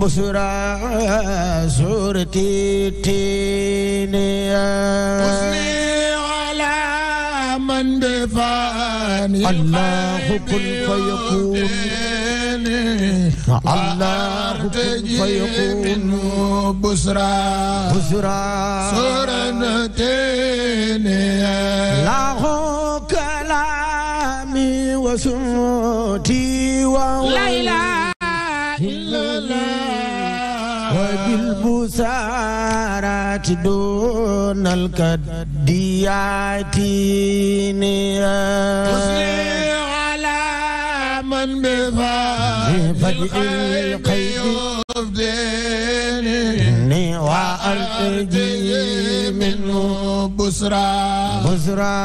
بسرى سورتي تينيا حسني على من دفاني الله كن فيكون الله كن فيكون بسرى بسرى سورتين له كلامي وسمتي ولا إله إلا الله بالبسارات دون الكديات نيا على من بفضل القيد يبديني وأرجي منه بسرى بسرى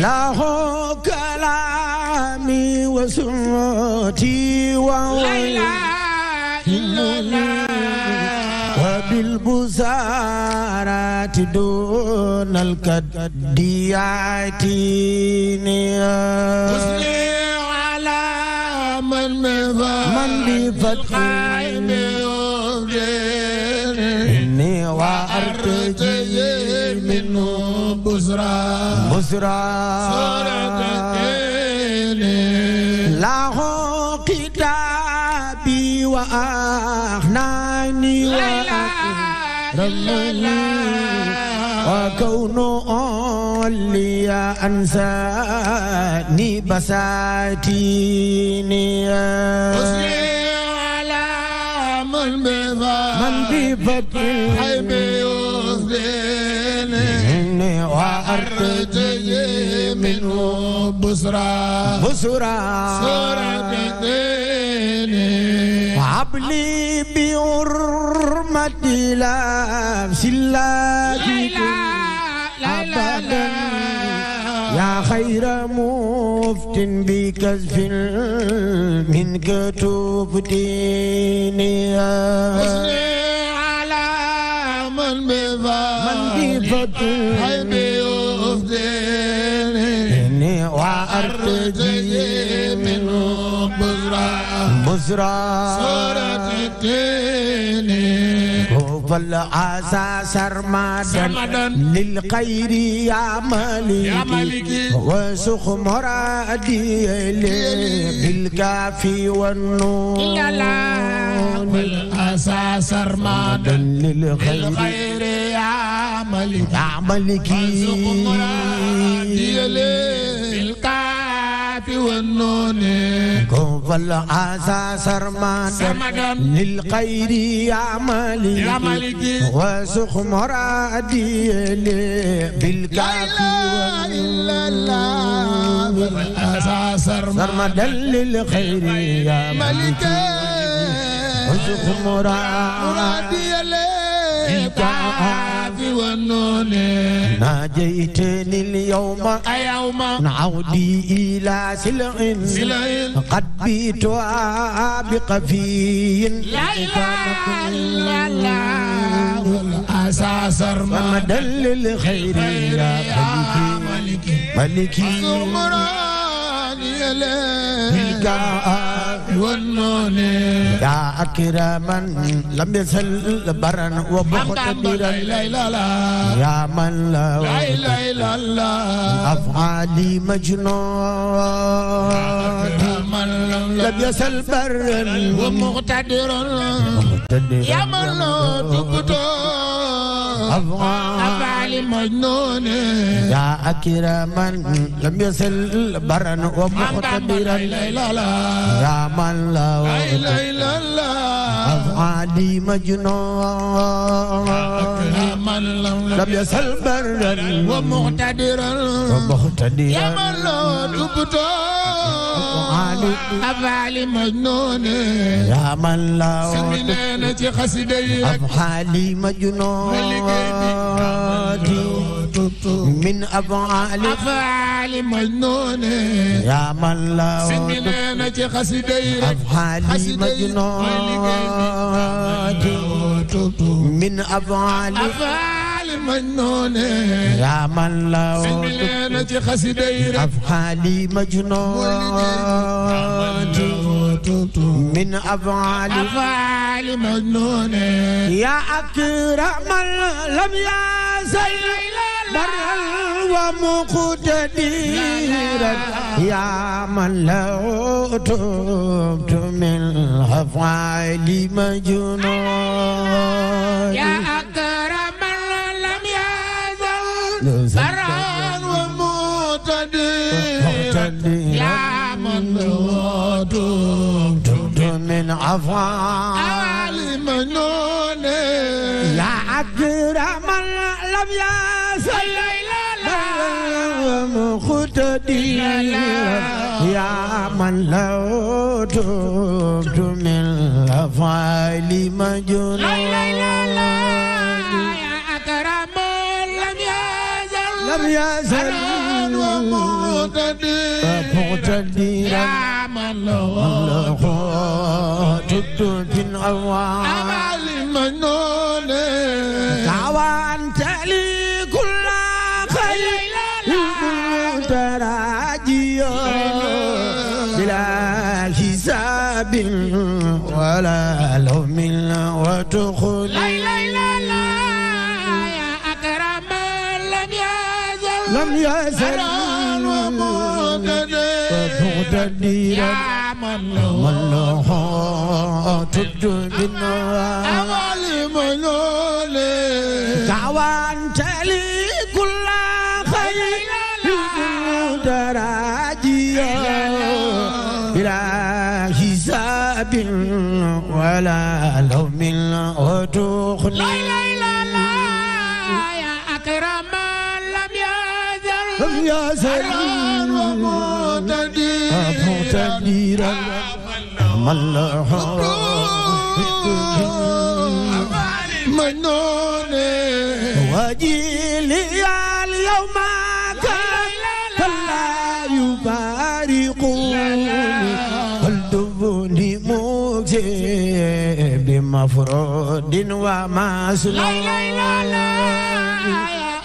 لا هو سمعتي وعلمي وبالبزارات دون الكديات مسلم على من من بفتح إني وأرتجي منه بزرا بزرا له كتابي وأخناني وأكرمني وكون أولي أنساني بساتيني أصلي على من بفضل من بفضل منه بسرى بسرى سرقتين عبلي بحرمة لابس الله أبدا يا خير مفت بكسف منك تبديني على من بفضل من بفضل أرتجي منه مزرع مزرع صورة الدين والعزا سرمدا للخير يا مليكي وسخ مرادي بالكافي والنور والعزا سرمدا للخير يا مليكي وسخ مرادي ظنوني كوف العزا سرمانا للخير يا يا مالك وسخ مرادي بالكافي لا إلا الله بالعزا سرمانا للخير يا مالك وسخ مرادي بالكافي والنون ناجيتني اليوم يوم نعودي إلى سلع قد بيت بقفي لا إله إلا الله أساس مدى للخير يا ملكي ملكي زمراني لك يا أكرما لم يزل برا وبخطبرا يا من لا إله إلا الله أفعالي مجنون لم يزل برا ومقتدرا يا من لا تبتون أفعال مجنون يا أكرما لم يصل برا ومختبرا يا من لا إلا الله أفعالي مجنون أكرما لم يصل برا ومختبرا ومختبرا يا من لا أبا علي مجنون يا من لا سمينانة خسدي أبا علي مجنون من أفعال أفعال مجنون يا من لا سنينة خسدي أفعال مجنون من أفعال أفعال يا من لا سمينا أفعالي مجنون من أفعالي مجنون يا أكرم لم يزل يا من لا من مجنون المصطفى المنون يا أكرم لم يصل مقتدي يا من لو تبت من الأفعال مجنون يا أكرم لم يزل لم يزل مقتدي متديرا من له جد في الأوعى أمال المنون دعوى أنت لي كل خير متراجيا بلا حساب ولا لوم وتخلي لم يزل مقتدرا والله تبدو بالنوى أولم نولي دعوان تلي كل خير دراجيا بلا حساب ولا لوم وتخلي يا زليل مقتديرا ما الله منون وجيلي اليوم كلا يفارقوني قلبني لا لا لا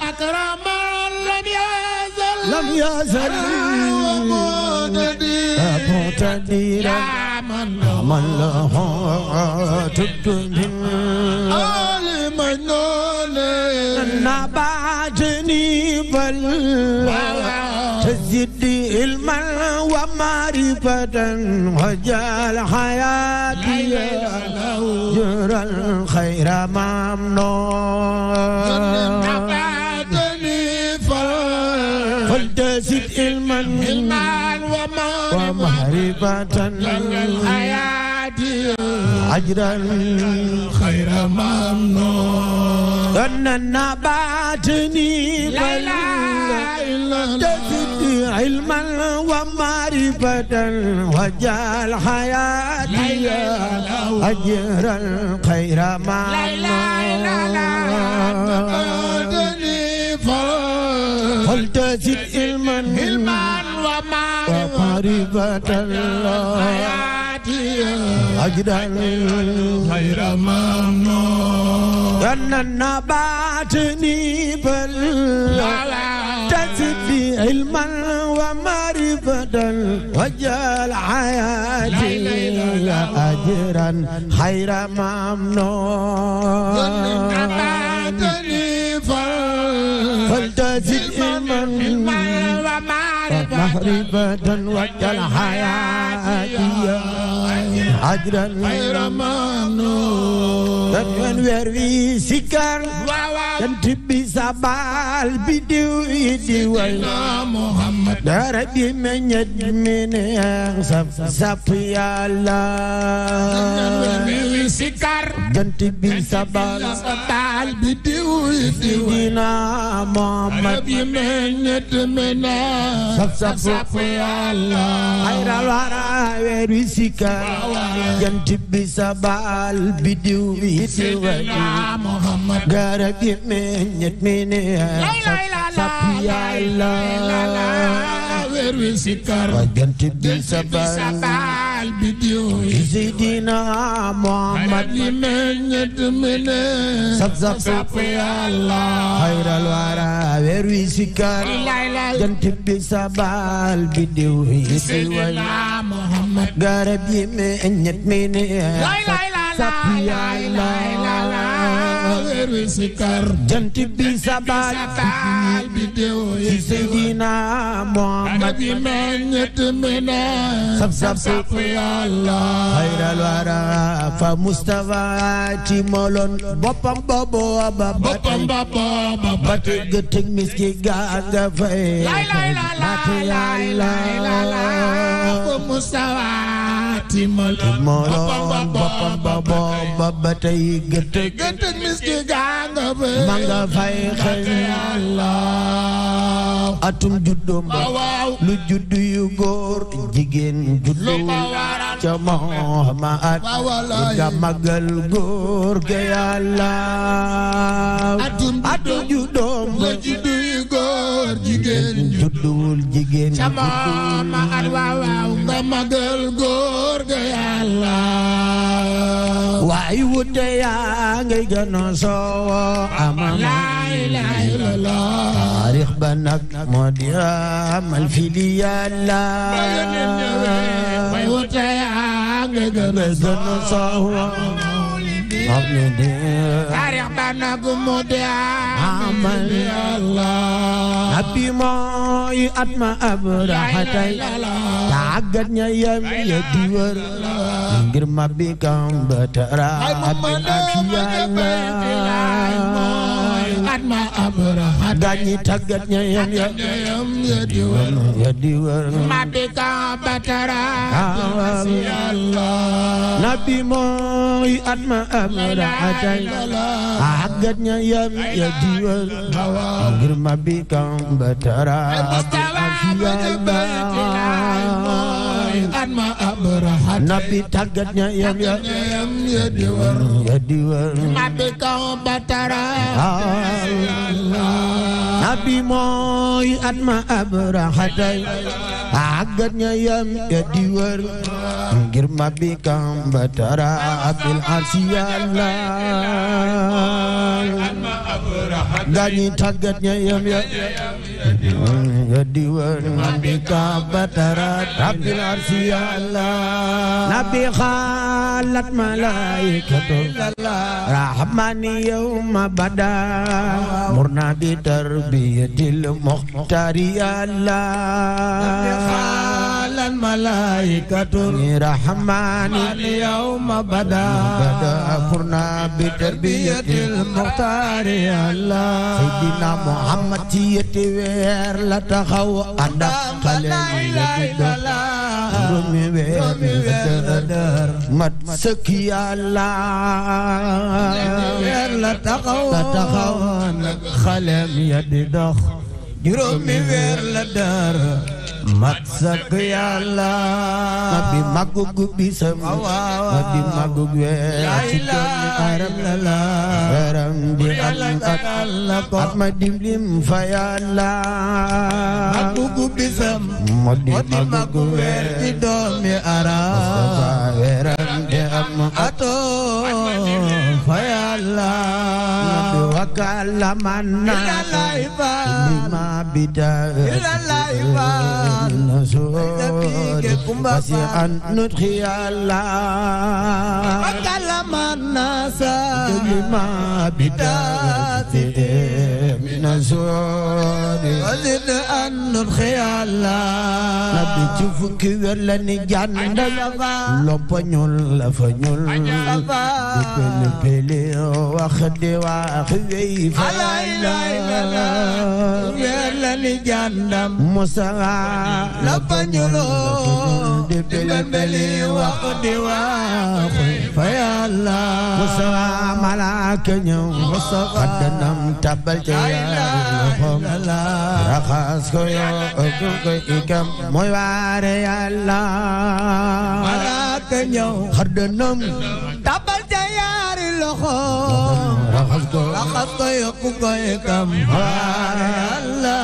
أكرم لم يزل مقتدرا من له تدمن المنون نباجني بل تزيد علما ومعرفة وجعل حياتي جرى الخير ممنون حلمان ومهربة للحياة أجرا خير ممنون أن لا النباتني ليلا تزد علما ومعرفة وجعل حياتي أجرا خير ممنون قلت زد علما وقريبة الحياتي أجدل خير ممنون أن النباتني بل تزدي علما ومعرفة وجعل حياتي أجرا خير ممنون أن النباتني فل فلتزد علما ومعرفة تخريبة وجه الحياة عجرا غير ممنون دكن ويروي سكر كان تبي سبال بدو يدي ويلا محمد دربي من يدمن سف سف يا الله سكر كان تبي سبال سبال بدو يدي ويلا محمد دربي من يدمن سف سف sappooy yàlla xayral wara weer wi sikar jant bi sabal bidiw bi siwati garab yi meññet mi ne sappi yàlla weer wi sikar jant bi sabal Seydina Muhammad sab sab sab xayral wara weer wi sikar jant bi bi diw yi si garab yi meññet mi ne sab sab yàlla weeru sikar jant bi sabaat bi deewoo ci Seydina Muhammad bi meññet meneen sab sab sab yàlla xayral wara fa Mustafa ci moloon boppam boobu ba boppam boobu ba te gëtëg miski gaa nga fay mate yàlla fa Mustafa timoloon boppam ba booba ba tey gëtë gëtë lu juddu yu góor jigéen juddu ca moom ma at nga magal góor ga yàlla atum góor jigéen judduwul jigéen ca moom at waaw waaw nga magal góor ga yàlla waay wute yaa ngay gëna soowo amam laa ilaaha illallaah taarix ba nag moo di amal fi li yàlla waay wute yaa ngay gëna soowo taarix ba nagu mu dee amal yàlla abi mooy at ma ña yem ya di wër ma bi kam ba tara abi ak yàlla ma abraha gaañi tàggat ña yam ya ya di batara ya ya Allah nabi mooy at ma abraha tay tàggat ña yam ya di wër ngir ma Nabi yam lam yadi war yadi war batara nabi mooy atma abrahatay àggat ña yam yadi war ngir mabi kaw batara abil arsi yàlla نبي خالت ملائكته رحمن يوم بدا مرنا بتربية المختار يا الله على الملائكة رحمن اليوم بدا فرنا بتربية المختار الله سيدنا محمد يتوير لتخو أنا خليل رمي وير مت سكي الله لتخو لتخو خليل يدي دخ جرمي وير لدار mat sëkk yàlla ma bi màggug bisam ma bi weer ci doon aram la la di am ak at ma dimlim fa yàlla màggug bisam ma di màggug weer ci doomi aram am atoo fa yàlla wakala manna lima an nutri yàlla wakala manna sa من زود وزد أن نلقي الله نبي جفك ورلني جنة لبنيول لفنيول بكل بلي وخدي وخذي فلا إله إلا الله ورلني جنة موسى لبنيول بكل بلي وخدي وخذي فيا الله موسى malaaka ñëw xaddanam tabal ca yaari loxoom raxas ko yoo ëpp ko ikam mooy waare yàlla malaaka ñëw xaddanam tabal loxo raxas ko raxas ko yokku ko itam yàlla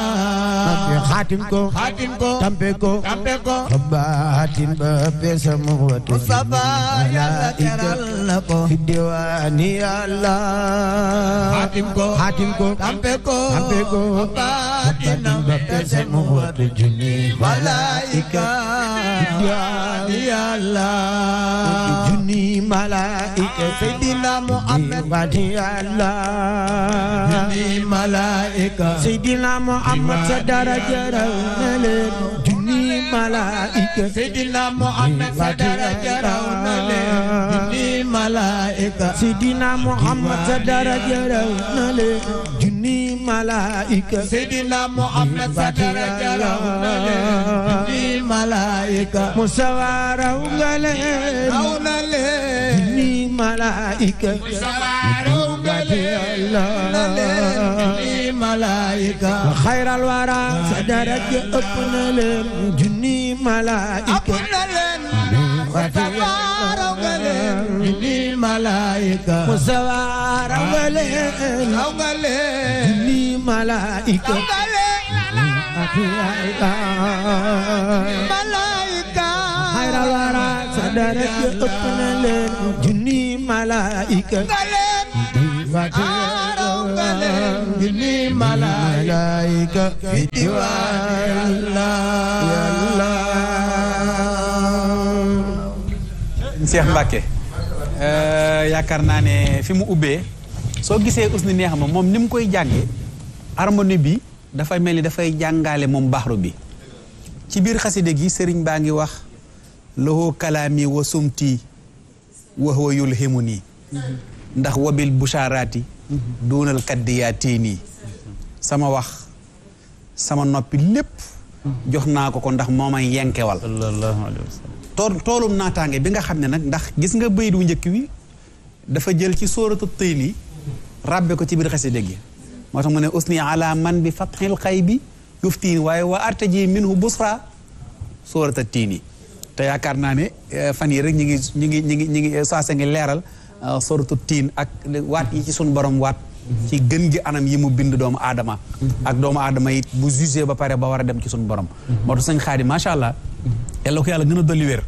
xaatim ko xaatim ko tampe ko tampe ko baatin ba pesam watu Mustafa yàlla teral na ko fi diwaani yàlla xaatim ko ko tampe ko إنهم يسموه بجني ملائكة يا الله بجني ملائكة سيدنا محمد يا الله بجني ملائكة سيدنا محمد درجة رونالين بجني ملائكة سيدنا محمد درجة رونالين بجني ملائكة سيدنا محمد درجة رونالين ni malaika Seydina Muhammad sa daraja raw na leen ni malaika Musa raw nga leen raw na leen ni malaika Musa raw nga leen raw na leen ni malaika xayral wara sa daraja ëpp na leen junni malaika musawara nga leen ni malaika musawara nga leen aw nga leen ni malaika malaika malaika malaika Cheikh Mbacke euh, yaakaar naa ne fi mu ubbee soo gisee usni neex ma moom ni mu koy jànge harmonie bi dafay mel ni dafay jàngaale moom baxru bi ci biir xaside gi sëriñ baa ngi wax lahu kalaami wa sumti wa huwa yulhimu nii ndax wabil busharaati duunal kaddiyaati nii sama wax sama noppi lépp jox naa ko ko ndax moo may yenkewal tool toolum naataange bi nga xam ne nag ndax gis nga bayit wu njëkk wi dafa jël ci sóoratu tayli ràbbe ko ci biir xasida gi moo tax mu ne usni ala man bi fatxil xay bi yuftiin waaye wa artaji minhu busra sóorata tiini te yaakaar naa ne eh, fan yi rek ñi ngi ñi ngi ñi ngi ñi ngi eh, saase ngi leeral eh, sóoratu tiin ak waat yi ci suñu borom waat ci gën gi anam yi mu bind doomu aadama ak doomu aadama it bu jugé ba pare ba war a dem ci suñu borom moo tax sëñ xaadi macha allah yàlla ko yàlla gën a dolli wér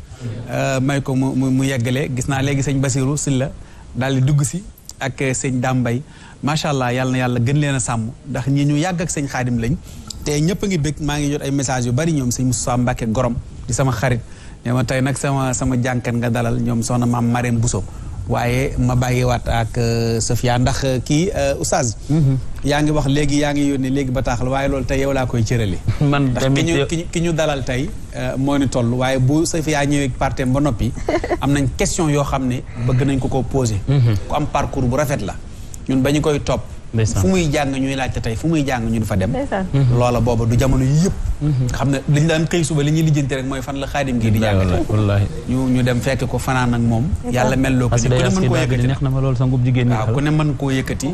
euh, may ko mu mu yeggalee gis naa léegi sëñ Basiru Silla daal di dugg si ak sëñ dàmbay macha allah yàlla yàlla gën leen a sàmm ndax ñi ñu yàgg ak sëñ Xaadim lañ te ñëpp a ngi bëgg maa ngi jot ay message yu bari ñoom sëñ Moussa Mbacke Gorom di sama xarit ne ma tey nag sama sama jànkat nga dalal ñoom soxna maam Marème Bousso waaye ma bàyyiwaat ak euh, Sofia ndax euh, kii euh, oustaz. Mhm. yaa ngi wax léegi yaa ngi yónnee léegi bataaxal waaye loolu tey yow laa koy cërale. man tamit ndax ki ñu ki ñu dalal tey moo ni toll waaye bu Sofia ñëwee parteem ba noppi am nañ question yoo xam ne bëgg nañ ko ko poser. Mhm. ku am parcours bu rafet la ñun ba ñu koy topp. fu muy jàng ñuy ñu du fa dem mm-hmm. loola booba du jamono yu yëpp mm-hmm. xam ne liñ daan xëy suba li ñuy lijjanti rek mooy fan la xaadim ngii di jàng ñu dem fekk ko fanaan ak moom yàlla mel loo ko ku ne mën koo yëkkati neex na ma lool sa ngub jigéen waaw ku ne mën koo yëkkati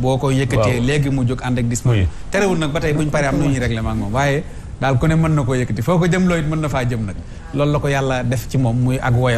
boo ko yëkkatee léegi mu jóg ànd ak dis ma terewul nag ba tey buñ paree am na ñuy réglement ak moom waaye daal ku ne mën na koo yëkkati foo ko jëm loo it mën na faa jëm nag loolu la ko yàlla def ci moom muy ak woyof